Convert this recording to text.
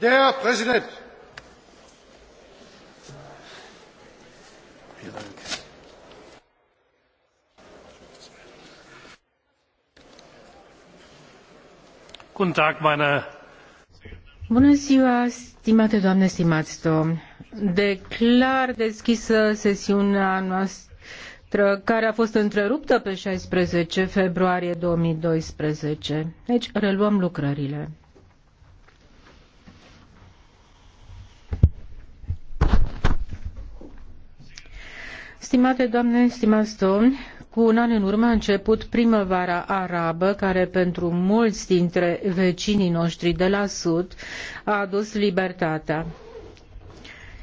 Der Präsident! Vielen Dank. Guten Tag, meine Bună ziua, stimate doamne, stimați domni. Declar deschisă sesiunea noastră care a fost întreruptă pe 16 februarie 2012. Deci reluăm lucrările. Stimate doamne, stimați domni, cu un an în urmă a început primăvara arabă, care pentru mulți dintre vecinii noștri de la sud a adus libertatea.